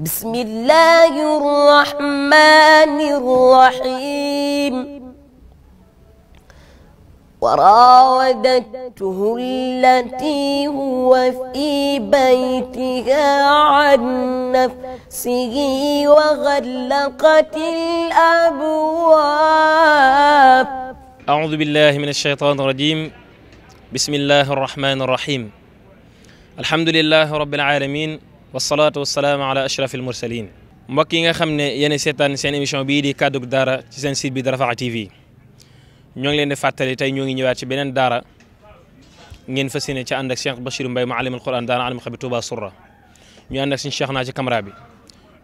بسم الله الرحمن الرحيم وراودته التي هو في بيتها عن نفسه وغلقت الأبواب أعوذ بالله من الشيطان الرجيم بسم الله الرحمن الرحيم الحمد لله رب العالمين wasalaatu wasalaam ala ashraf al mursalin mbokk yi nga xam ne yéen seetaan seen émission bii di kàddug daara ci seen site bi di Rafah TV ñoo ngi leen di fàttali tey ñoo ngi ñëwaat ci beneen daara ngeen fas yéene ci ànd ak Cheikh Bachir Mbaye muallim al Quran daara alim xabi Touba Sourah ñu ànd ak suñu Cheikh naa ci bi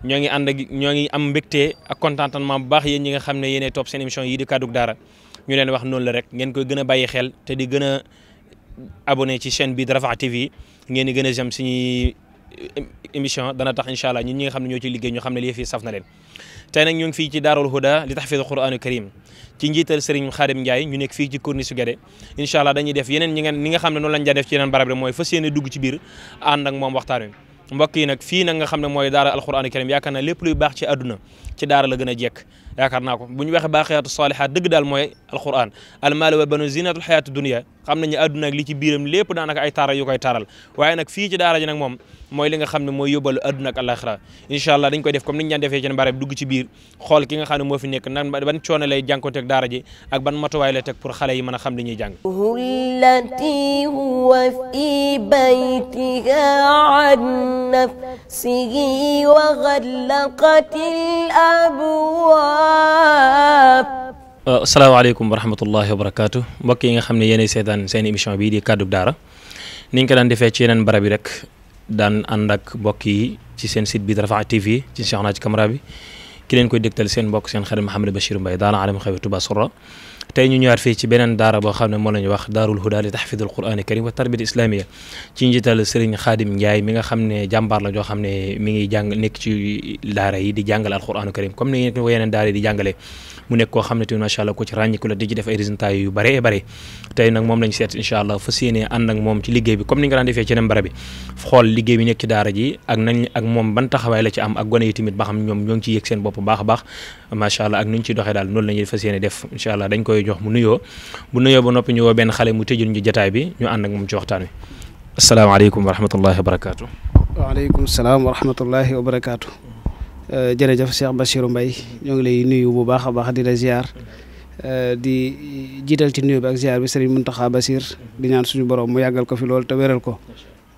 ñoo ngi ànd ñoo ngi am mbégte a contentement bu baax yéen ñi nga xam ne yéenay topp seen émission yii di kàddug daara ñu leen wax noonu la rek ngeen koy gën a bàyyi xel te di gën a abonné ci chaîne bi di Rafah TV ngeen di gën a jëm suñuy émission dana tax incha allah ñun ñi nga xam ne ñoo ci liggéey ñu xam ne lii fii saf na leen ñu fii ci daarul huda li tahfiz alquranu karim ci njiital Serigne Khadim Ndiaye ñu nekk fii ci corniche su Guédé incha allah def yeneen ñi nga xam ne noonu lañ daan barab rek mooy fas yéene dugg ci biir ànd ak moom waxtaan wi mbokk yi nag fii nag nga xam ne mooy daara alquranu karim yaakaar naa lépp luy baax ci àdduna ci daara gën a jekk yaakaar naa ko bu ñu waxee baaxiyaatu saalihaat dëgg daal mooy alquran almaal wa banu zinatul xayaatu dunia xam mooy li nga xam ne mooy yóbbalu adduna ak alaxira incha allah dañ koy def kom niñ daan defee ci mbaare bi dugg ci biir xool ki nga xam ne moo fi nekk nan ban coono lay jànkoonte ak daara ji ak ban matuwaay lay teg pour xale yi mën a xam li ñuy jàng hullati huwa fi baytiha an nafsihi wa ghallaqatil uh, wa rahmatullahi wa mbokk yi nga xam ne yéenay seetaan seen émission bii di kàddu daara ñu ko daan defee ci yeneen barab yi rek daan ànd ak mbokk yi ci seen site bi Rafah TV ci Cheikhna ci caméra bi ki leen koy dégtal seen mbokk seen xarit Mouhamadou Bachir Mbaye daara alam xawe Touba Sourah tey ñu ñëwaat fii ci beneen daara boo xam ne moo la ñu wax daarul huda li tahfidul qur'ani karim wa tarbiyat islamia ci njiital Serigne Khadim Ndiaye mi nga xam ne jàmbaar la joo xam ne mi ngi jàng nekk ci daara yi di jàngale alquranu karim comme ni yeneen daara yi di jàngale mu nekk koo xam ne tamit macha allah ko ci ràññiku la di ci def ay résultats yu bare bare tey nag moom lañ seet incha allah fas yéenee ànd moom ci liggéey bi ñoom ci yëg seen bopp baax a baax macha allah ak nuñ ci doxee daal noonu la ñuy fas def incha allah dañ koy jox mu nuyoo bu nuyoo ba noppi ñu woo benn xale mu tëjul ñu jataay bi ñu ànd moom ci waxtaan wi asalaamaaleykum wa wa barakaatu wa barakaatu Euh, jërëjëf seex Bachirou Mbaye ñoo ngi lay nuyu bu baax a baax di la ziar euh, di jiital ci nuyu bi ak ziar bi Serigne Mountakha Bachir di ñaan suñu boroom mu yàggal ko fi lool te wéral ko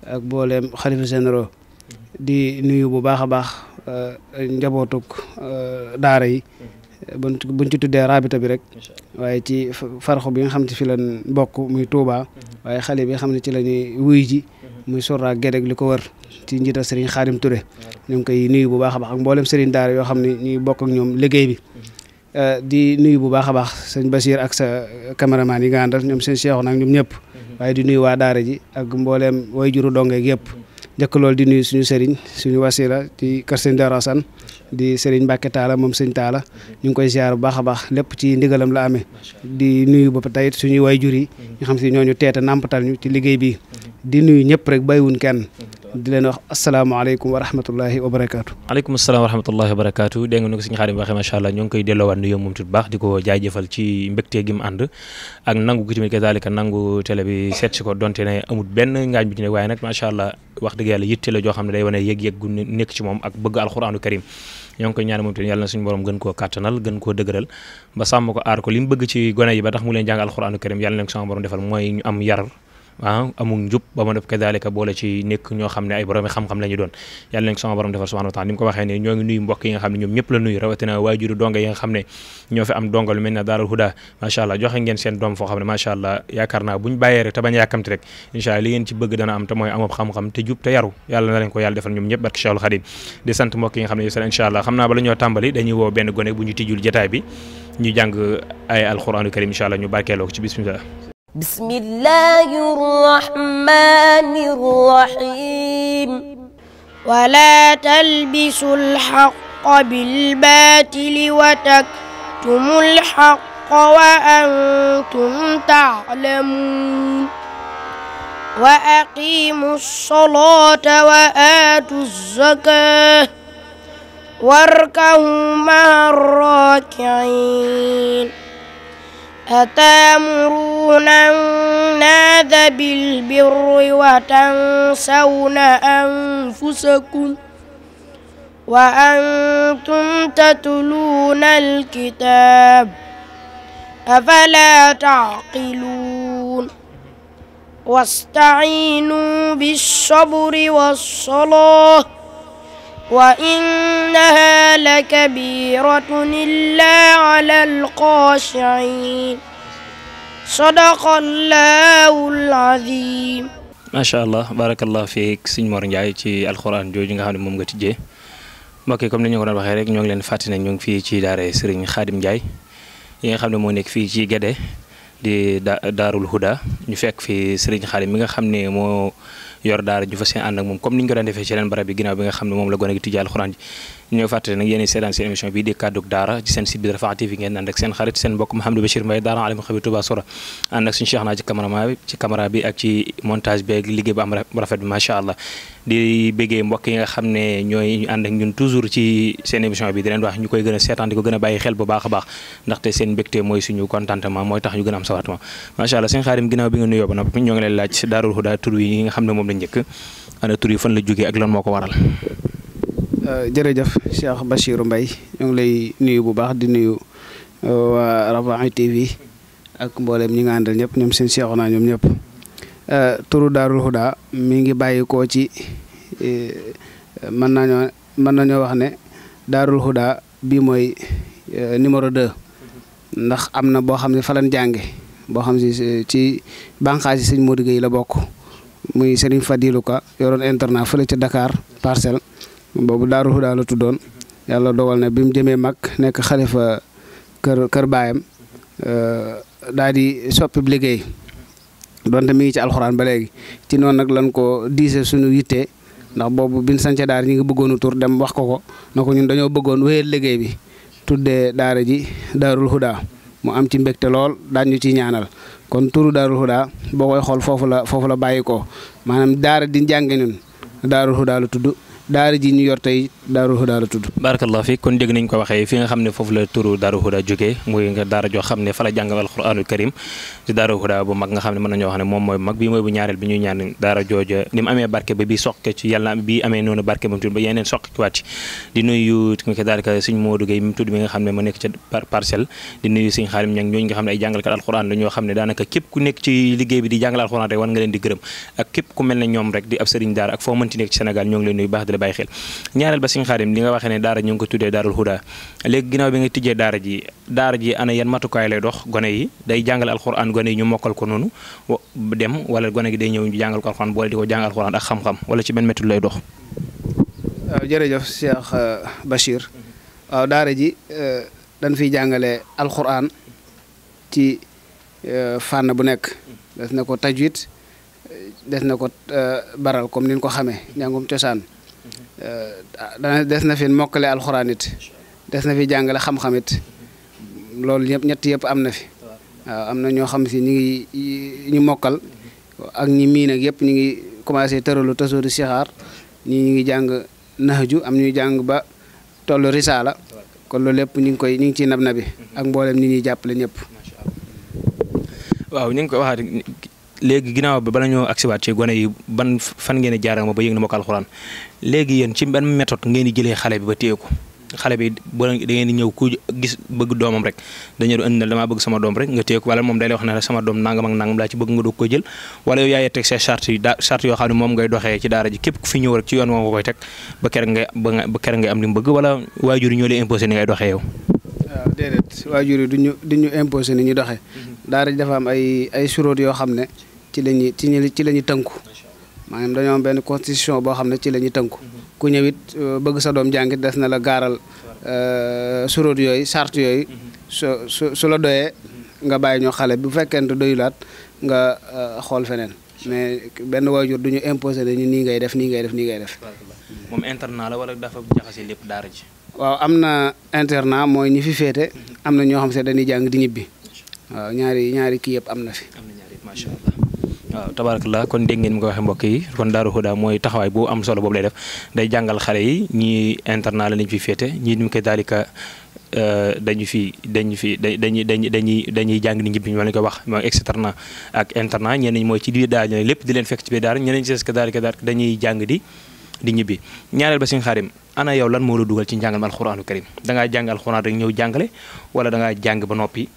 ak booleem xalifa généraux di nuyu bu baax a baax euh, njabootuk daara yi bu ci tuddee rabita bi rek waaye ci farxu bi nga xam ne fi lañ bokk muy tuuba waaye xale bi xam ne ci la ñuy wuy ji muy Sourah Guédé li ko wër ci njiital sëriñ Xaadim Touré ñu ngi koy nuyu bu baax a baax ak mboolem sëriñ daara yoo xam ne ñuy bokk ak ñoom liggéey bi mm-hmm. euh, di nuyu bu baax a baax sëñ Basiir ak sa caméraman yi nga ñoom seen Cheikh nag ñoom ñëpp mm-hmm. waaye di nuyu waa daara ak mbooleem way juru dongeeg yëpp mm-hmm. njëkk loolu di nuyu suñu sëriñ suñu wasila di kër sëñ Daaru Asan di sëriñ Mbàkke Taala moom sëñ Taala ñu ngi koy ziar bu baax lépp ci ndigalam la amee di nuyu ba tey suñuy way jur yi ñu xam si ñooñu teete nàmpatal ñu ci liggéey bi di nuyu ñëpp rek bàyyiwuñ kenn di leen wax asalaamaaleykum wa rahmatullahi wa barakaatu. aleykum salaam wa rahmatullahi wa barakaatu ko suñu xaarim waxee macha allah ñoo ngi koy delloowaat nuyoo moom tut baax di ko jaajëfal ci mbégte gi mu ak nangu gi tamit kazalika nangu télé bi seet si ko donte ne amul benn ngaañ bi ci ne waaye nag macha allah wax dëgg yàlla yitte la joo xam ne day wane yëg-yëg gu nekk ci moom ak bëgg alxuraanu karim ñoo ngi koy ñaan moom tamit yàlla na suñu borom gën koo kàttanal gën koo dëgëral ba sàmm ko aar ko l mu bëgg ci gone yi ba tax mu leen jàng alxuraanu na ko sama borom defal am yar ah amul njub ba ma def kadalika boole ci nekk ñoo xam ne ay borom xam-xam la doon yàlla nañ ko sama borom defal subhanahu wa taala ni mu ko waxee ne ñoo ngi nuyu mbokk yi nga xam ne ñoom ñëpp la nuyu rawatina waajuru donga yi nga xam ne ñoo fi am donga lu mel ne daaral huda macha allah joxe ngeen seen doom foo xam ne macha allah yaakaar naa buñ bàyyee rek te bañ yàkkamti rek incha allah li ngeen ci am te mooy amab xam-xam te jub te yaru ñu tijjul jotaay ci bismillah بسم الله الرحمن الرحيم ولا تلبسوا الحق بالباطل وتكتموا الحق وأنتم تعلمون وأقيموا الصلاة وآتوا الزكاة واركعوا مع الراكعين أتأمرون الناس بالبر وتنسون أنفسكم وأنتم تتلون الكتاب أفلا تعقلون واستعينوا بالصبر والصلاة وإنها لكبيرة إلا على الخاشعين صدق الله العظيم macha allah barakallah fii sëñ Mor Ndiaye ci alxuraan jooju nga xam ne moom nga tijjee mbokk yi comme ni ñu ko doon waxee rek ñoo ngi leen fàttali ne ñu ngi fii ci daara Serigne Khadim Ndiaye yi nga xam ne moo nekk fii ci Guédé di Daarul Huda ñu fekk fii Serigne Khadim mi nga xam ne moo yor daara a fas yéene ànd ak moom comme ni ñu defee ci yeneen barab yi bi nga xam ne moom la gone gi tijji alxuraan ñu ñëw fàttali nag seetaan seen émission bii di kàddug daara ci seen site bi Rafah TV ngeen ànd ak seen xarit seen mbokk Mouhamadou Bachir Mbaye daara alim am rafet bi macha allah mbokk yi nga xam ne ñooy ànd ak ñun toujours ci seen émission bi di ñu ko gën a bàyyi xel bu baax a baax ndaxte seen mbégte mooy suñu tax a am sawaatuma macha allah seen xaarim ginnaaw bi nga nuyoo ba noppi ñoo ngi leen laaj Daarul Huda tur yi nga xam ne moom lañ njëkk ana tur yi fan la jógee ak lan moo ko waral Euh, jërëjëf Cheikh Bachirou Mbaye ñu ngi lay nuyu bu baax di nuyu euh, waa Rafah TV ak mboolem ñi nga àndal ñëpp ñoom seen Cheikh naa ñoom ñëpp euh, turu Daarul Huda mi ngi bàyyi koo ci mën nañoo mën nañoo wax ne Daarul Huda bii mooy numéro 2 ndax am na boo xam ne fa lañ jànge boo xam ne ci bànqaas yi sëñ Modou Gueye la bokk muy Serigne Fadilou Ka yoroon internat fële ca Dakar parcelle boobu Daaru Huda la tuddoon yàlla dogal na bi mu jëmee mag nekk xalifa kër kër baayam euh, daal di soppi liggéey donte mu ngi ci alxuraan ba léegi ci noonu nag lan ko diise suñu yittee ndax boobu biñ sance daara ñi ngi bëggoonu tur dem wax ko ko na ko ñun dañoo bëggoon wéyal liggéey bi tuddee daara ji Daarul Huda mu am ci mbégte lool daañu ci ñaanal kon turu Daarul Huda boo koy xool foofu la foofu la bàyyi ko maanaam daara di jànge ñun Daarul Huda daara ji ñu yor tey Daaru Huda la tudd barakallah fi kon dégg nañ ko waxee fi nga xam ne foofu la turu Daaru Huda jógee muy nga daara joo xam ne ne mën nañoo moom mooy mag bi mooy bu ñaareel bi ñuy nga xam ne ma nekk ca parcelle di nuyu sëñ Xaalim Ñang ñooñu nga xam ne ay jàngalkat alquran la ñoo xam ne daanaka képp ku mel ne ñoom rek di ab daara ak foo nekk ci Sénégal ñoo leen nuyu baax bàyyi xel ñaareel ba Sëñ Xaadim li nga waxee ne daara ñu ngi ko tuddee daarul huda léegi ginnaaw bi nga tijjee daara ji daara ji ana yan matukaay lay dox gone yi day jàngal alxuraan gone yi ñu mokkal ko noonu dem wala gone gi day ñëw ñu jàngal ko alxuraan boole di ko jàng alxuraan ak xam-xam wala ci benn méthode lay dox waaw euh, jërëjëf Cheikh euh, Bachir waaw euh, daara ji dañ fiy jàngale alxuraan ci fànn bu nekk des na ko tajwid des na ko baral comme ni ko xamee njàngum cosaan Euh, dana des na fi mokkale alxuraan it des na fi jàngale xam-xam it loolu yëpp ñett yëpp am na fi waaw am na ñoo xam si ñi ngi ñu mokkal ak ñi miin ak yëpp ñu ngi commencé tëralu tasooru sixaar ñu ngi jàng naxju am ñuy jàng ba tollu risaala kon loolu lépp ñu ngi koy ñu ngi ci nab nabi ak mboolem ñi ñuy jàppale ñëpp waaw ñu ngi koy waxaat léegi ginnaaw bi bala ñoo agsiwaat ci gone yi ban fan ngeen di jaarama ba yëg na ma ko léegi yéen ci ban méthode ngeen di xale bi ba téye ko xale bi bu ngeen ñëw ku gis bëgg doomam rek dañu doon indi damaa bëgg sama doom rek nga téye ko wala moom day lay wax ne sama ci moom ngay doxee ci daara ji képp ku fi ñëw rek ci yoon koy teg ba ker nga am li mu bëgg wala waajur yi ñoo lay imposé ni ngay doxee yow waaw déedéet waajur ni ñu doxee mhm. daara ji dafa am ay ay yoo xam ne ci la ñuy ci la ñuy tënku maanaam dañoo am benn constitution boo xam ne ci la ñuy tënku ku ñëwit euh, bëgg sa doom jàngit des na la gaaral euh, suróot yooyu charte yooyu su su su la doyee nga bàyyi ñoo xale bu fekkente doyulaat nga euh, xool feneen mais benn waajur du ñu imposé nañu nii ngay def nii ngay def nii ngay def. moom internat la wala dafa jaxase lépp daara ji. waaw am na internat mooy ñi fi féete mhm. am na ñoo xam se dañuy jàng di ñibbi waaw ñaari ñaari kii yëpp am na fi. am waaw tabarakallah kon dégg ngeen mi ko waxee mbokk yi kon Daaru Huda mooy taxawaay bu am solo boobu lay def day jàngal xale yi ñii internat lañu fi féete ñii dañuy jàng ko wax mooy externat ak internat ñeneen mooy ci biir daara ñeneen lépp di leen ci biir daara ñeneen ci ñibbi ñaareel ba seen xaarim ana yow lan moo la dugal ci njàngal ma alxuraanu karim da jàng alxuraan rek ñëw jàngale wala da jàng ba noppi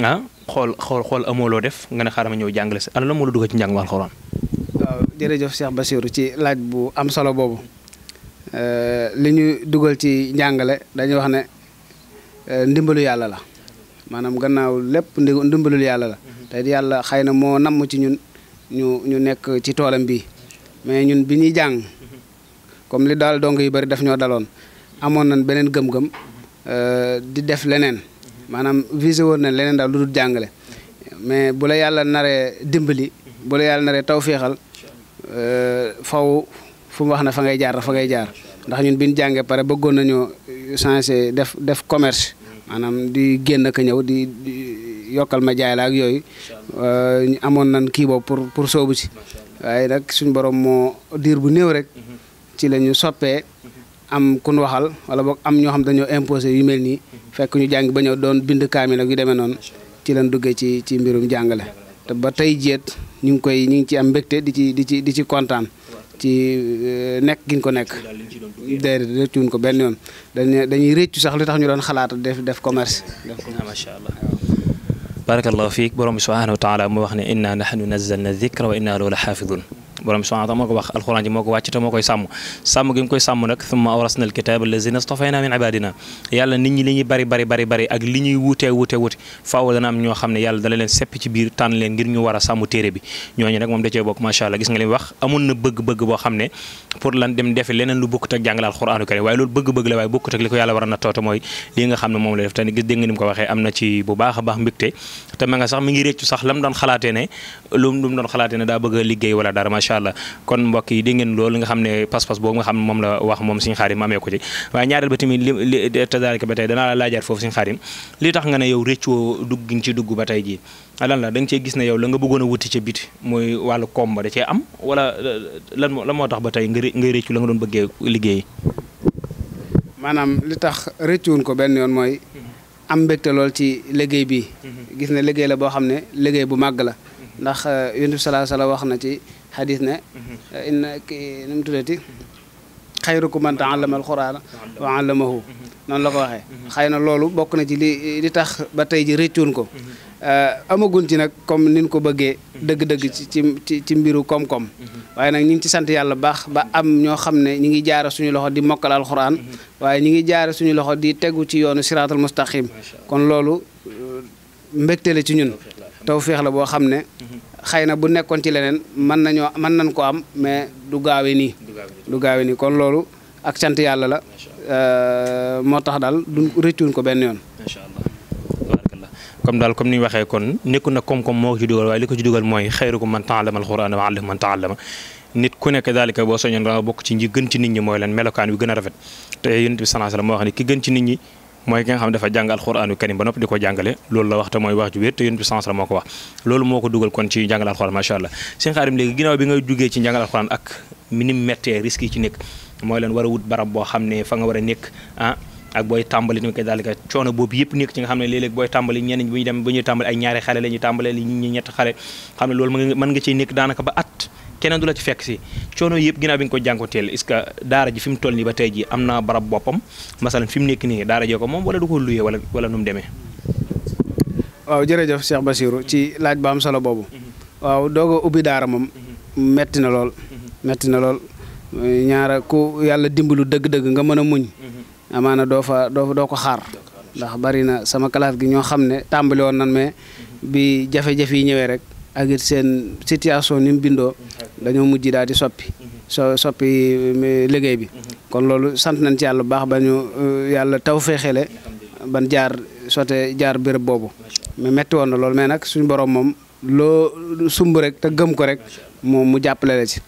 Ah? xool xool xool amoo loo def nga ne xaaral ma ñëw jàngale si ana la moo la dugg ci njàngum alxuraan. ci laaj bu am solo boobu euh, li ñu dugal ci njàngale dañuy wax ne euh, ndimbalu yàlla la maanaam gannaaw lépp ndimbalul yàlla la. Mhm. te yàlla xëy na moo namm ci ñun ñu ñu nekk ci toolam bii mais ñun bi ñuy jàng mhm. comme li daal dong yu bari daf ñoo daloon amoon nañ beneen gëm-gëm euh, di def leneen. maanaam visé woon na leneen daal lu dul jàngale mais bu la yàlla naree dimbali bu la yàlla naree taw tawféexal euh, faw fu wax na fa ngay jaar fa ngay jaar ndax ñun bi jàngee pare bëggoon nañoo changé def def commerce maanaam di génn ak ñëw di yokkal ma jaay la ak yooyu euh, ñu amoon nan kii boobu pour pour soobu ci waaye nag suñu borom moo diir bu néew rek mm-hmm. ci la soppee am kun waxal wala boog am ñoo xam dañoo imposé yu mel nii fekk ñu jàng ba ñëw doon bind kaamil ak yu demee noonu ci lañ duggee ci ci mbirum jàngale te ba tey jeet ñu ngi koy ñu ngi ci am mbégte di ci di ci di ci kontaan ci euh, nekk giñ ko nekk déedéet rëccuwuñ ko benn yoon dañuy dañuy rëccu sax lu tax ñu doon xalaat def def commerce def macha allah barakallahu fiik borom bi subhanahu wa taala mu wax ne inna nahnu nazzalna dikra wa inna lahu la xaafidun borom bi subhaanahu wa taala moo ko wax alxuraan ji moo ko wàcc moo koy sàmm sàmm gi koy sàmm nag nit ñi li ñuy bari bari bari bari ak li ñuy yàlla dala leen da cee bokk macha allah gis mooy li nga xam ne moom la def te gis dégg nga ni ko waxee am na ci bu baax a baax mbégte te nga sax mi ngi réccu sax lam doon xalaatee ne doon xalaatee daa bëgg a liggéey wala dara macha allah kon mbokk yi dégg ngeen loolu nga xam ne pas-pas boobu nga xam ne moom la wax moom suñu xaarim amee ko ci waaye ñaareel ba tamit li tazalika ba tey danaa la laajaat foofu suñu xaarim li tax nga ne yow réccoo dugg ci dugg ba tey jii lan la da nga la a wuti ca biti mooy wàllu koom da cee am wala lan moo lan moo tax la nga doon bëggee liggéey maanaam li tax réccuwuñ ko benn yoon mooy am mbégte lool ci liggéey bi mhm. gis ne liggéey la boo xam ne liggéey bu màgg la mhm. ndax euh, yonent bi a alayhi wa sallam wax na ci xadis ne mhm. inna ki nu mu tuddati xayrukum man taallama alquraana wa allamahu mhm. noonu la ko waxee mhm. xay na loolu bokk na ci li li tax ba tey ji rëccuun ko euh, amagun ci nag comme nin ko bëggee dëgg-dëgg ci ci ci mbiru koom-koom waaye nag ñu ngi ci sant yàlla baax am ñoo xam ne ñi ngi jaara suñu loxo di mokkal alxuraan waaye ñi ngi jaara suñu loxo di tegu ci yoonu siraatal mustaqim kon loolu euh, mbégte ci ñun tawféex la boo xam ne xëy na bu nekkoon ci leneen mën nañoo man nañ ko am mais du gaawee nii du gaawee nii kon loolu ak sant yàlla la euh, moo tax daal du rëccuñ ko benn yoon comme daal comme ni ñu waxee kon nekku na koom-koom moo ko ci dugal waaye li ko ci dugal mooy xayrukum man taallama alxuraana wa allama man taallama nit ku nekk daalika boo soñoon nga bokk ci ñi gën ci nit ñi mooy leen melokaan wi gën a rafet te yonent bi sallallahu alayhi wasallam moo wax ki gën ci nit ñi mooy ki nga xam dafa jàng alxuraanu karim ba noppi di ko jàngale loolu la wax te mooy wax ju wér te sens la moo ko wax loolu moo ko dugal kon ci jàngal alxuraan macha allah seen nga nekk mooy leen war boo xam ne fa nga war nekk ah ak booy tàmbali ni boobu yëpp nekk ci xam ne léeg-léeg booy tàmbali ñenn ñi bu ñu dem bu ñuy tàmbali ay ñaari xale la ñuy loolu mën nga cee nekk daanaka ba at keneen la ci fekk si coono yëpp ginnaaw bi nga ko jànkoteel est-ce que fi mu toll nii ba tey ji am na barab boppam masalan fi mu nekk nii daara ko moom wala du ko luyee wala wala nu mu demee waaw jërëjëf ci laaj ba am solo boobu waaw doog a moom metti na lool na lool ñaara ku yàlla dimbalu dëgg-dëgg nga mën a muñ amaana doo fa doo doo ko xaar ndax bari na sama kalaaf gi ñoo xam ne tàmbali woon nan mais bi jafe-jafe yi ñëwee rek ak seen situation ni bindoo dañoo mujj daal di soppi so soppi eh, liggéey bi kon loolu sant nañ ci yàlla bu baax ba ñu eh, yàlla taw feexele ban jaar sote jaar béréb boobu mais metti woon na loolu mais nag suñu borom moom loo sumb rek te gëm ko rek moom mu jàppale la ci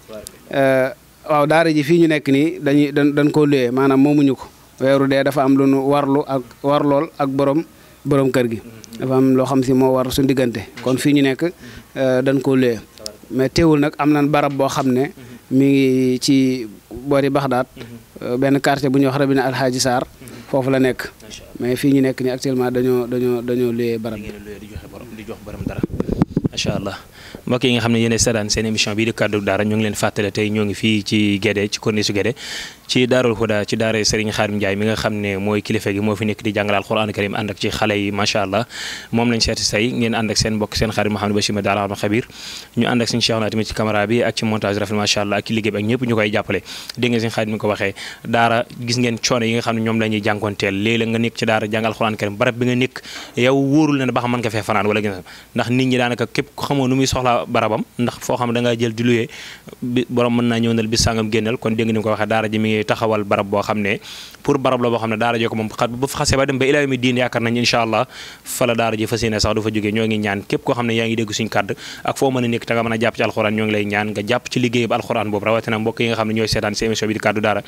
eh, waaw daara ji fii ñu nekk nii dañuy dañ dañ koo luyee maanaam moomuñu ko weeru dee dafa am lu nu warlu ak lool ak boroom boroom kër gi dafa am loo xam si moo war suñu diggante kon fii ñu nekk dañ koo luyee mais teewul nag am nañ barab boo xam ne mi ngi ci boori Baxdaad mhm. benn quartier bu ñuy wax Rabina Alhaji Sarr mhm. foofu la nekk mais fii ñu nekk ni actuellement dañoo dañoo dañoo luyee barab bi di jox borom dara macha allah mbokk yi nga xam ne yéen a seetaan seen émission bii di kaddu daara ñu ngi leen fàttale tey ñoo ngi fii ci Guédé ci corniche Guédé ci daarul huda ci daara Serigne Xaadim Ndiaye mi nga xam ne mooy kilifa gi moo fi nekk di jàngal alxuraan karim ànd ak ci xale yi macha allah moom lañ seeti say ngeen ànd ak seen mbokk seen xarit Mouhamadou xam ne ñoom la ñuy jànkonteel di luyee borom waxee daara ji mi ñuy taxawal barab boo xam ne pour barab boo xam ne daara ji ko moom xat xasee ba dem ba ilaa mi diin yaakaar nañ incha allah fa la daara ji fas yéene sax du fa jógee ñoo ngi ñaan képp koo xam ne yaa ngi dégg suñu kàdd ak a daara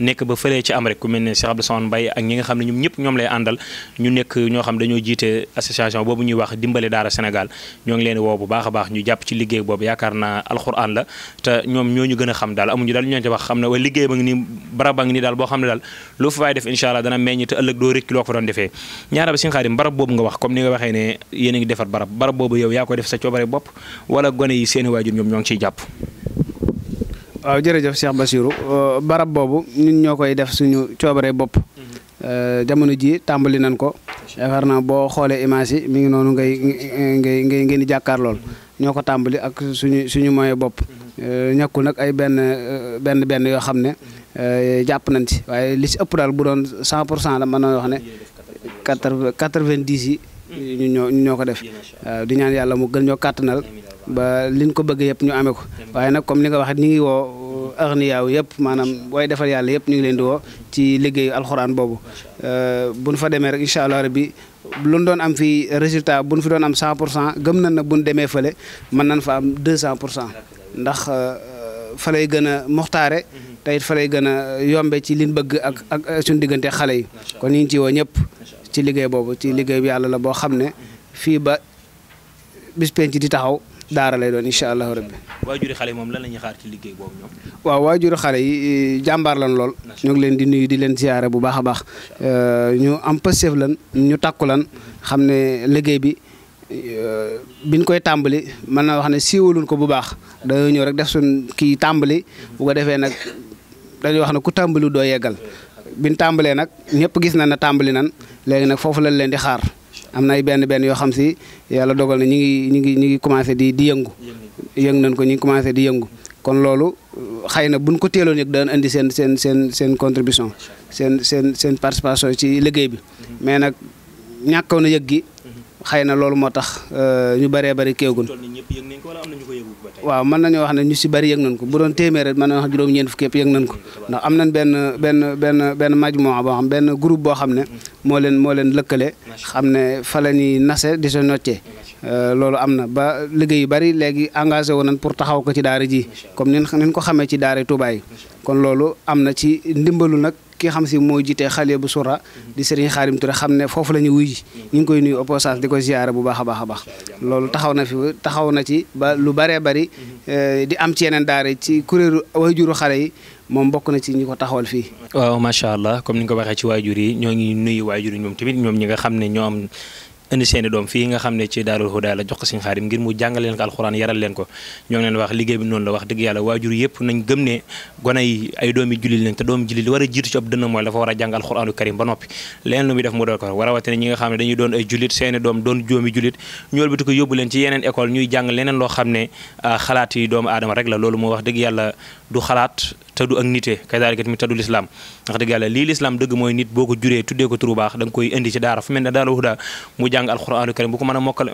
nekk ba fëlee ci Amérique ku mel ne Cheikh Abdou Samane Mbaye ak ñi xam ne ñoom ñoom lay àndal ñu nekk ñoo xam dañoo jiite association boobu ñuy wax dimbale daara Sénégal ñoo ngi leen woo baax baax ñu jàpp ci liggéey boobu yaakaar naa alxuraan barab a ngi nii daal boo xam ne daal loo fa waay def incha allah dana meññ te ëllëg doo rëkk loo ko fa doon defee ñaara ba Sëñ barab boobu nga wax comme ni nga waxee ne yéen a ngi defar barab boobu yow yaa koy def sa coobare bopp euh, mhm. euh, jamono ji tàmbali nañ ko yaakaar naa boo xoolee image yi mi ngi noonu ngay ngay ngay ngeen di jàkkaar lool ñoo ko tàmbali ak suñu suñu moyen bopp mhm. euh, ñàkkul nag ay benn benn benn yoo xam ne mhm. Eh, jàpp nañ ci waaye li ci ëpp daal bu doon 100 pour cent la mën na wax ne quatre-vingt-dix yi ñu ñoo ko def waaw eh, di ñaan yàlla moo gën ñoo kàttanal ba liñ ko bëgg yëpp ñu amee ko waaye nag comme ni nga waxee ñu ngi woo arniyaaw yëpp maanaam way defal yàlla yëpp ñu ngi leen di woo ci liggéeyu alxuraan boobu eh, buñ fa demee rek incha allah rabbi luñ doon am fii résultat buñ fi doon am 100 pour cent gëm nan na buñ demee fële mën nañ fa am cent pour cent ndax te fa lay gën a yombe ci liñ bëgg ak ak suñ diggante xale yi kon ñu ngi ci woo ñëpp ci liggéey boobu ci liggéey bi yàlla la boo xam ne fii ba bis penc di taxaw daara lay doon incha allahu rabbi waajuri xale yi moom lan la ñuy xaar ci liggéey boobu ñoom. waaw waajuri xale yi eh, jàmbaar lañ lool. ñu ngi leen di nuyu di leen siyaare bu baax a baax. Eh, ñu am pësteef lan ñu takku lan xam ne liggéey bi eh, biñ koy tàmbali mën na wax ne siiwaluñ ko bu baax dañoo ñëw rek def suñ kii tàmbali bu defee nag. dañuy wax na ku tàmbali doo yeggal biñ tàmbalee nag ñëpp gis na na tàmbali nan léegi nag foofu lañ leen di xaar am na ay benn benn yoo xam si yàlla dogal na ñu ngi ñu ngi ñu commencé di di yëngu yëng nañ ko ñu ngi commencé di yëngu kon loolu xëy na buñ ko teeloon yëg daan indi seen seen seen seen contribution seen seen seen participation ci liggéey bi mais nag ñàkkoon a yëg gi xëy na loolu moo tax euh, ñu bëree bëri kéegun waaw mën nañoo wax ne ñu si bari yëg nañ ko bu doon téeméer mën nañoo wax juróom-ñeent fukk yëpp yëg nañ ko ndax am nañ benn benn benn benn majmoo boo xam benn groupe bo xam ne moo leen moo leen lëkkale xam ne fa la ñuy nase di sa noccee Euh, loolu am na ba liggéey yu bari léegi engagé wu nañ pour taxaw ko ci daara ji comme nin nin ko xamee ci daara Touba yi kon loolu am na ci ndimbalu nag ki xam si moo jiitee xale bu sura di sëriñ Xaarim Touré xam ne foofu la ñu wuy ji ñu ngi koy nuyu au passage ko ziyaare bu baax a baax a baax loolu taxaw na fi taxaw na ci ba lu baree bari euh, di am ci yeneen daara ci kuréelu wayjuru xale yi moom bokk na ci ñu ko taxawal fii. waaw macha allah comme ni nga ko waxee ci waajur yi ñoo ngi nuyu waajur yi ñoom tamit ñoom ñi nga xam ne ñoom indi seen doom fii nga xam ne ci Daarul Huda la jox ko Sëriñ Xaadim ngir mu jàngal leen ko alxuraan yaral leen ko ñoo ngi leen wax liggéey bi noonu la wax dëgg yàlla waajur yëpp nañ gëm ne gone ay doomi jullit lañ te doomi jullit war a jiitu ci ab ne ñi nga xam ne dañuy doon ay jullit seen doom doon doomi jullit ñool bi ko yóbbu leen ci yeneen école ñuy jàng leneen loo xam ne ah, xalaat yi doomu rek la loolu moo wax dëgg yàlla du xalaat te du ak nite kay daalika tamit te du lislaam wax dëgg yàlla lii lislaam dëgg mooy nit boo ko juree tuddee ko turu baax da nga koy indi ci daara fu mel ne daara huda mu jàng alxuraanu karim bu ko mën a mokkal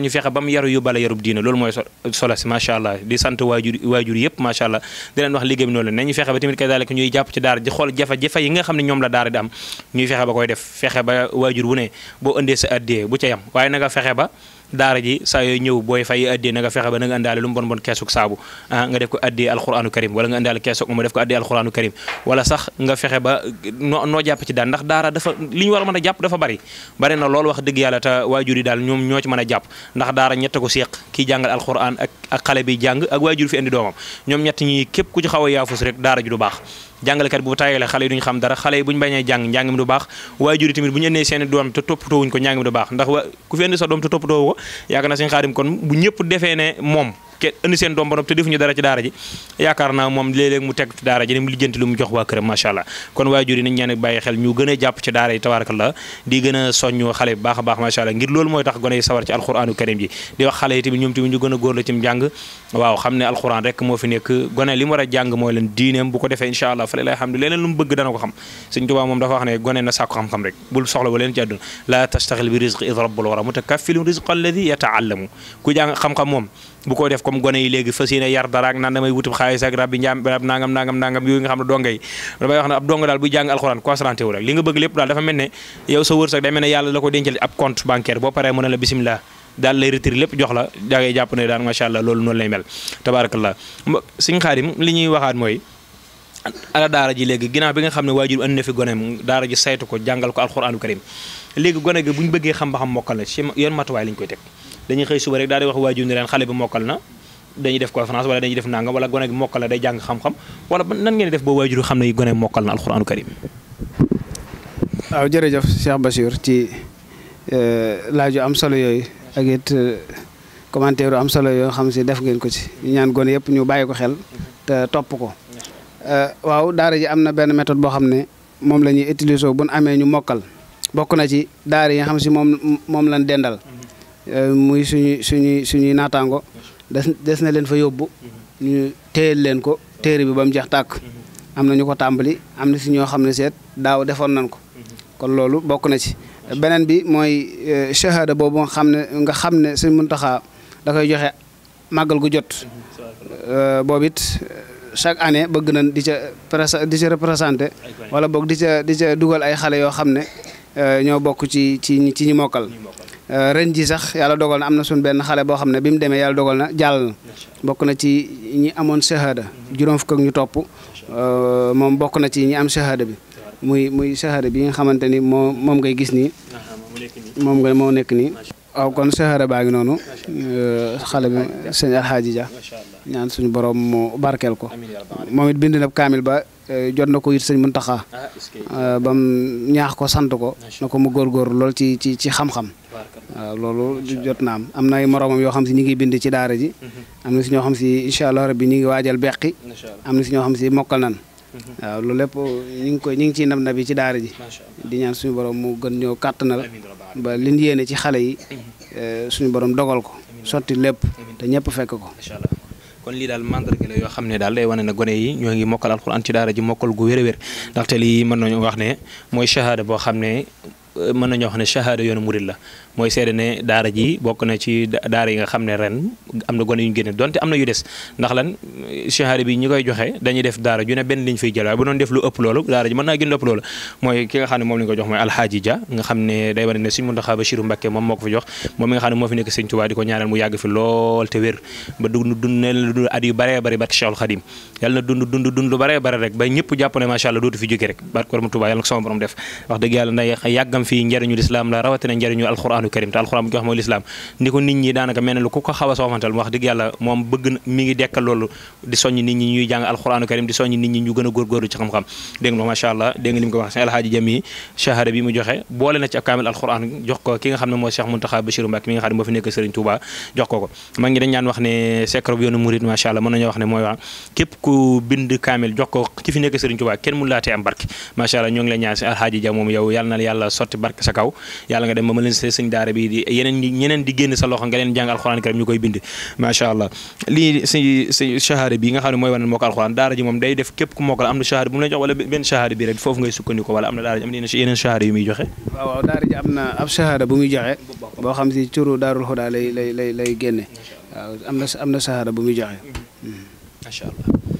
ñu fexe ba mu yaru yu bala yarub diina loolu mooy solo si macha allah di sant waajur yëpp macha allah di leen wax la nañu fexe ba tamit kay daalika ñuy jàpp ci daara di xool yi nga xam ne ñoom la daara di am ñuy fexe ba koy def fexe ba waajur wu ne boo indee sa addiyee bu ca yam waaye ba daara ji sax yooyu ñëw booy fay addee na fexe ba na nga àndaale lu mu bon bon keesuk saabu ah nga def ko addee alquranu karim wala nga àndaale keesuk moom def ko addee alquranu karim wala sax nga fexe ba no noo jàpp ci daal ndax daara dafa li ñu war a mën a jàpp dafa bari bari na loolu wax dëgg yàlla te waajur yi daal ñoom ñoo ci mën a jàpp ndax daara ñett ko seeq kii jàngal alquran a ak xale bi jàng ak waajur fi indi doomam ñoom ñett ñi képp ku ci xaw a yaafus rek daara du baax jàngalekat bu tayale xale yi duñu xam dara xale yi bu ñu bañee jàng njàng du baax waajur yi tamit bu ñu ënnee seen doom te toppatoowuñ ko njàng mi du baax ndax wa ku fi indi sa doom te toppatoowu ko yaakaar na sëñ Xaadim kon bu ñëpp defee ne moom ke indi seen doom ba noppi te dara ci daara ji yaakaar naa moom léeg mu teg ci daara ji ni mu lijjanti lu jox waa këram macha allah kon waajur yi nañ ñaan bàyyi xel ñu gën a jàpp ci daara yi tabarakallah di gën a soññu xale baax a baax macha allah ngir loolu mooy tax gone sawar ci alquranu karim ji di wax xale yi tamit ñu gën a góor la ci njàng waaw xam ne alquran rek moo fi nekk gone li mu war jàng mooy leen diineem bu ko defee incha allah fale la tastaxil bi rizq bu ko def comme gone yi léegi fas yéene yar dara ak naan damay wutub xaalis ak rab bi njaam rab nangam nangam nangam yooyu nga xam ne donga yi damay wax ne ab donga daal buy jàng alxuraan concentré wu rek li nga bëgg lépp daal dafa mel ne yow sa wërsëg day mel ne yàlla la ko dencal ab compte bancaire boo paree mu ne la bisimilah daal lay retiré lépp jox la da ngay jàpp ne daal macha allah loolu noonu lay mel tabarakallah Sëriñ Xaadim li ñuy waxaat mooy ala daara ji léegi ginnaaw bi nga xam ne waajur andi na fi gone daara ji saytu ko jàngal ko alxuraanu karim léegi gone gi bu ñu bëggee xam ba xam mokkal la ci yoon matuwaay lañ koy teg dañuy xëy suba rek daal di wax waajur ne leen xale bi mokkal na dañuy def conférence wala dañuy def nangam wala gone gi mokkal na day jàng xam-xam wala nan ngeen def ba waajur xam ne gone mokkal na alxuraanu karim waaw jërëjëf Cheikh Bassir ci euh, laaj am solo yooyu ak it euh, commentaire yu am solo yoo xam si def ngeen ko ci ñaan gone yëpp ñu bàyyi ko xel topp ko euh, waaw daara ji am na benn méthode boo xam ne moom la ñuy utiliser bu nu amee ñu mokkal bokk na ci daara yi xam si moom moom lañ dendal Euh, muy suñu suñuy suñuy naataango des des na leen fa yóbbu mhm. ñu téyel leen ko téere bi ba mu jeex tàkk mhm. am na ñu ko tàmbali am na si ñoo xam ne seet daaw defoon nañ ko mhm. kon loolu bokk na ci beneen bi mooy euh, shahada boobu nga xam ne nga xam ne suñ muntaxaa da koy joxe màggal gu jot euh, boobu it chaque année bëgg na di ca di ca représenté wala boog di ca di dugal ay xale yoo xam ne ñoo bokk ci ci ci ñi mokkal Euh, ren ji sax yàlla dogal am na suñ benn xale boo xam ne bi mu demee yàlla dogal na jàll na bokk na ci ñi amoon shahada juróom fukk ak ñu topp euh, moom bokk na ci ñi am shahada bi muy muy shahada bi nga xamante ni moo moom ngay gis nii moom moo nekk nii kon shahada baa noonu euh, xale bi sëñ Alxaaji suñu borom barkeel ko moom it bind na kaamil ba jot na ko it sëñ Muntaxa ah, ba mu ñaax ko sant ko na ko mu góorgóorlu lool ci ci ci xam-xam waaw loolu jot na am na ay moroomam yoo xam si ñu ngi bind ci daara ji mhm. am na si ñoo xam si incha allah rabbi ñu ngi waajal beqi am na si ñoo xam si mokkal nan mhm. waaw loolu lépp ñu ngi koy ñu ngi ciy nab nabi ci daara ji di ñaan suñu borom mu gën ñoo kàttanal ba liñ yéene ci xale yi mhm. eh, suñu borom dogal ko sotti lépp te ñëpp fekk ko kon li daal mandarga la yoo xam ne daal day wane na gone yi ñoo ngi mokkal alxuraan ci daara ji mokkal gu wér a wér ndaxte lii mën nañu mooy shahada boo xam ne mën nañoo xam ne shahada yoonu murid la mooy seede ne daara ji bokk na ci daara yi nga xam ne ren am na gone yu génne donte am na yu des ndax lan shahada bi ñi koy joxe dañuy def daara ju ne benn liñ fiy jël waaye bu doon def lu ëpp loolu daara ji mën naa gën lu ëpp loolu mooy ki nga xam ne moom day wane ne Sëriñ Muntaxa moo ko fi jox moom ne moo fi nekk Sëriñ Tuubaa di ko ñaanal mu yàgg fi lool te wér ba dund dund lu dund yu bare bare barke Cheikhul Khadim yàlla na dund dund dund lu bare bare rek ba ñëpp jàpp ne na ko sama borom def wax dëgg yàlla na yàgg xam fii njariñu lislaam la rawatina njariñu alquranu karim te alquran bu ñu wax a ngi dekkal loolu di soññ nit ñi ñuy jàng alquranu karim di soññ nit ñi ñu gën a góorgóorlu ci xam-xam dégg nga macha mun laatee am barke macha allah ñoo ngi lay ñaan si alhaaji jam moom yow na yàlla sot sotti barke sa kaw yàlla nga dem ba ma leen sëñ daara bi di yeneen ñeneen di génn sa loxo nga leen jàng alxuraan karim ñu koy bind macha allah lii sëñ sëñ shahada bi nga xam ne mooy wane moo alxuraan daara ji moom day def képp ku la am na daara bu muy joxe boo xam si curu daarul huda lay génne am na am bu muy joxe mm-hmm. Mm-hmm.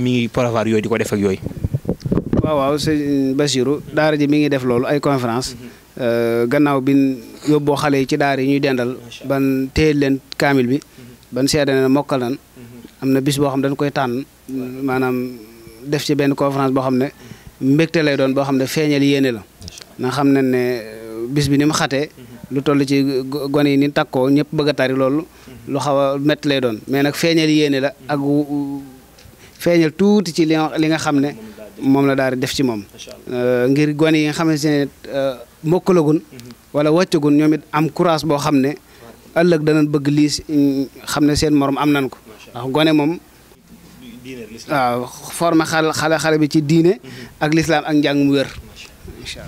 ji mi ngi promouvoir yooyu di ko def ak yooyu. waaw waaw sëñ daara ji mi ngi def loolu ay conférence mhm. euh, gannaaw bi yóbboo xale yi ci daar yi ñuy dendal ban téye leen kaamil bi mhm. ban seede na mokkal nan mhm. am na bis boo xam dañ koy tànn maanaam def ci benn conférence boo xam ne mbégte lay doon boo xam ne feeñal yéene la na xam ne ne euh, bis bi ni mu xatee lu toll ci gone yi ni takkoo ñëpp bëgg a tari loolu lu xaw a lay doon mais nag feeñal yéene la ak feeñal tuuti ci li nga xam ne moom la daal di def ci moom euh, ngir gone yi nga xamante ne euh, mokkalagun mhm. wala wàccagun ñoom it am courage boo xam ne ëllëg danañ bëgg liis mm, xam ne seen moroom am nan ko ndax gone moom waaw forme xale xale bi ci diine mhm. ak lislaam ak njàng mu wér incha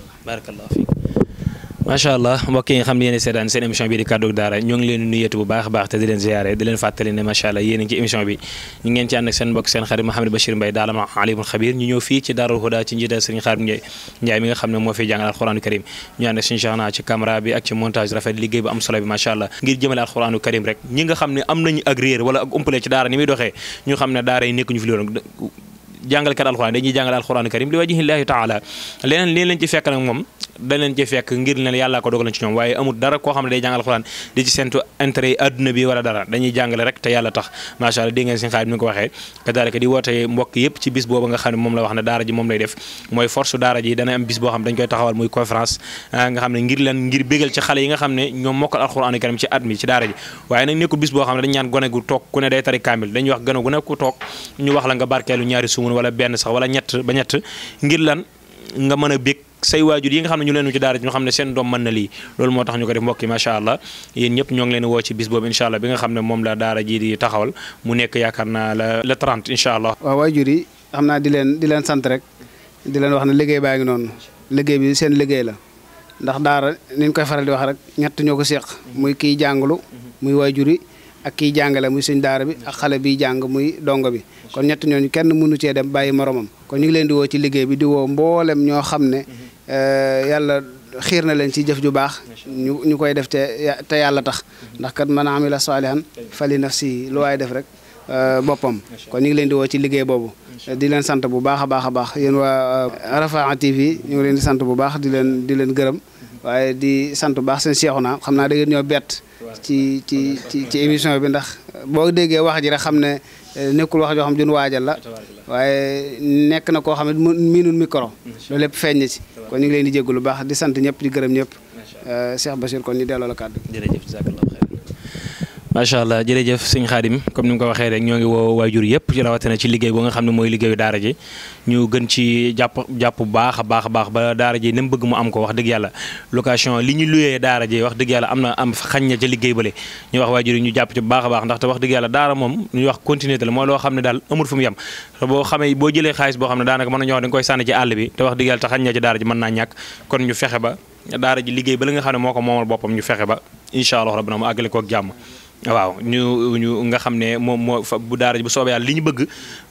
macha allah mbokk nga xam ne yéen a seetaan seen émission bi di kàddu daara ñoo ngi leen nuyeetu bu baax baax te di ziyaare di leen fàttali ne macha allah yéen a ngi ci émission bi ñu ngeen ci ànd seen mbokk seen xarit ma alimul xabir ñu ñëw fii ci Daarul Huda nga xam ne moo fiy jàngal alxuraanu karim ñu nga xam ne am nañu ak wala ak umpale ci daara ni muy doxee ñu xam ne daara yi nekk ñu fi loolu jàngalkat alxuraan dañuy jàngal alxuraanu karim li wajhillahi taala da leen ci fekk ngir ne yàlla ko dogal ci ñoom waaye amul dara koo xam ne day jàngal alxuraan di ci seentu jàngale rek te yàlla tax macha allah dégg ngeen ni ko waxee nga xam ne moom la wax ne daara ji moom lay ah, ngir leen ngir bégal ci xale yi nga xam ne ñoom mokkal alxuraan karim ci at ci daara ji waaye nekkul bis boo xam ne dañ ñaan gone gu toog ku ne day tari kaamil dañuy wax gone gu ne toog ñu wax la nga barkeelu ñaari sumun wala benn sax wala ñett ba ñett ngir lan nga mën a bég say waajur yi nga xam ne ñu leenu ci daara ñu xam ne seen doom mën na lii loolu moo tax ñu ko def mbokk yi allah yéen ñëpp ñoo ngi leen woo ci bis boobu incha allah bi nga xam ne moom la daara ji di taxawal mu nekk yaakaar naa la le 30 incha allah waaw waajur yi xam naa di leen di leen sant rek di leen wax ne liggéey baa ngi noonu liggéey bi seen liggéey la ndax daara niñ koy faral di wax rek ñett ñoo ko seq muy kiy jàngalu muy waajur yi ak kiy jàngale muy suñ daara bi ak xale biy jàng muy dongo bi kon ñett ñooñu kenn mënu cee dem bàyyi moroomam kon ñu ngi leen di woo ci liggéey bi di woo mboolem ñoo xam ne eh, yàlla xiir na leen ci jëf ju baax ñu ñu koy def te te yàlla tax ndax kat man amila saalihan fali nafsi lu waay def rek eh, boppam kon ñu ngi leen di woo ci liggéey boobu di leen sant bu baax a baax a baax yéen waa eh, Rafah TV ñu leen di sant bu baax di leen di gërëm waaye di sant bu baax seen seexu naa xam naa da ñoo bett ci ci ci ci émission bi ndax boo déggee wax ji rek xam ne eh, nekkul wax joo xam jun waajal la waaye nekk na koo xam ne miinul micro loolu lépp feeñ na ci kon ñu ngi leen di jéggu lu baax di sant ñëpp di gërëm ñëpp eh, Cheikh Bachir kon ñu delloo la kàddu jërëjëf macha allah jërëjëf sëñ xaadim comme ni nga ko waxee rek ñoo ngi woo waajur yëpp ci rawatina ci liggéey bo nga xam ne jàpp jàpp bu baax a baax a daara ji ni mu bëgg ko wax dëgg yàlla location li ñu luyee daara ji wax dëgg am na am xañ na ca wax waajur yi ñu jàpp ci bu a baax ndaxte wax dëgg yàlla daara moom ñu wax continuité la mooy loo xam ne daal amul fu mu yem te boo jëlee xaalis boo xam ne daanaka mën na ñoo da nga koy sànni àll bi te wax dëgg yàlla te xañ na ci daara kon ñu fexe ba daara ji liggéey ba la nga xam ne moo ko moomal boppam ñu fexe ba incha allah rabbina mu àggale ko ak jàmm waaw ñu ñu nga xam ne moom moo fa bu daara ji bu soobee yàlla li ñu bëgg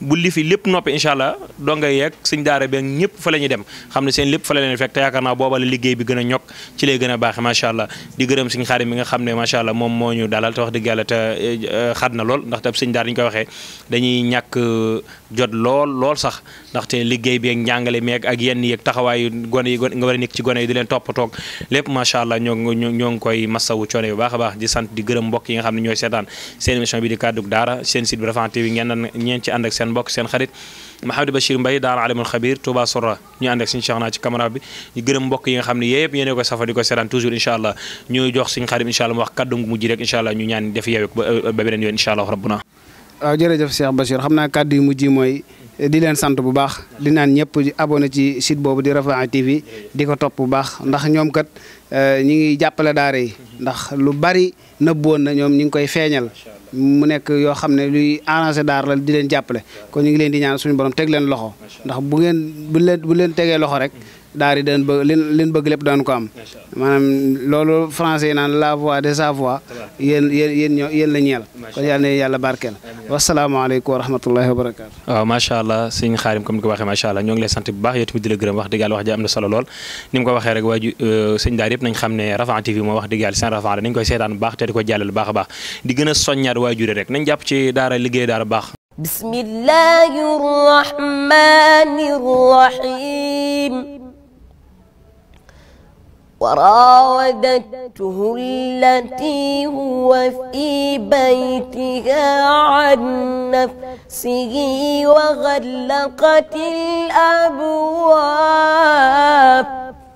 bu li fi lépp noppi incha allah donga yeeg suñ daara beeg ñëpp fa la ñuy dem xam ne seen lépp fa la leen fekk te yaakaar naa booba la liggéey bi gën a ñokk ci lay gën a baaxe macha allah di gërëm suñ xarit mi nga xam ne ma macha allah moom moo ñu dalal te wax dëgg yàlla te eh, eh, xat na lool ndax tam suñ daara ñu koy waxee dañuy ñàkk jot lool lool sax ndaxte liggéey bi ak njàngale mi ak yenn yi ak taxawaayu gone yi nga war ci gone yi di leen toppatoog lépp macha allah ñoo ngi koy masawu coono bu baax a di sant di gërëm mbokk yi nga xam ne ñooy seetaan seen émission bi di kàddug daara seen site bi Rafah TV ngeen ngeen ci ànd ak seen mbokk seen xarit Mahamadou Bachir Mbaye daara alimul xabir Touba Sora ñu nga xam ne yëpp yéen di ko seetaan toujours incha allah ñuy jox suñu xarit incha allah mu wax kàddu mujj rek incha allah ñu ñaan def yeewek ba beneen yoon allah rabbuna waaw jërëjëf Cheikh Bachir xam naa kàddu yu mujj mooy di leen sant bu baax di naan ñëpp abonné ci site boobu di Rafah TV di ko topp bu baax ndax ñoom kat euh, ñi ngi jàppale daara yi ndax lu bari na nëbboon na ñoom ñi ngi koy feeñal mu nekk yoo xam ne luy arrangé daar la di leen jàppale kon ñu ngi leen di ñaan suñu borom teg leen loxo ndax bu leen tegee loxo rek daal di daan bëgg li daan ko am. maanaam loolu français naan la voix de sa voix. yéen yéen kon yal na yàlla barkeel. wasalaamaaleykum wa rahmatullahi wa barakaatu. waaw macha allah Xaarim comme ni ko waxee macha allah ñoo ngi lay sant bu baax yow tamit la gërëm wax dëgg yàlla wax ji am solo lool. ni mu ko rek waa euh, daar yëpp nañ xam ne Rafah TV moom wax dëgg seen Rafah la nañ koy seetaan baax te di ko baax a baax di gën a soññaat waa وراودته التي هو في بيتها عن نفسه وغلقت الأبواب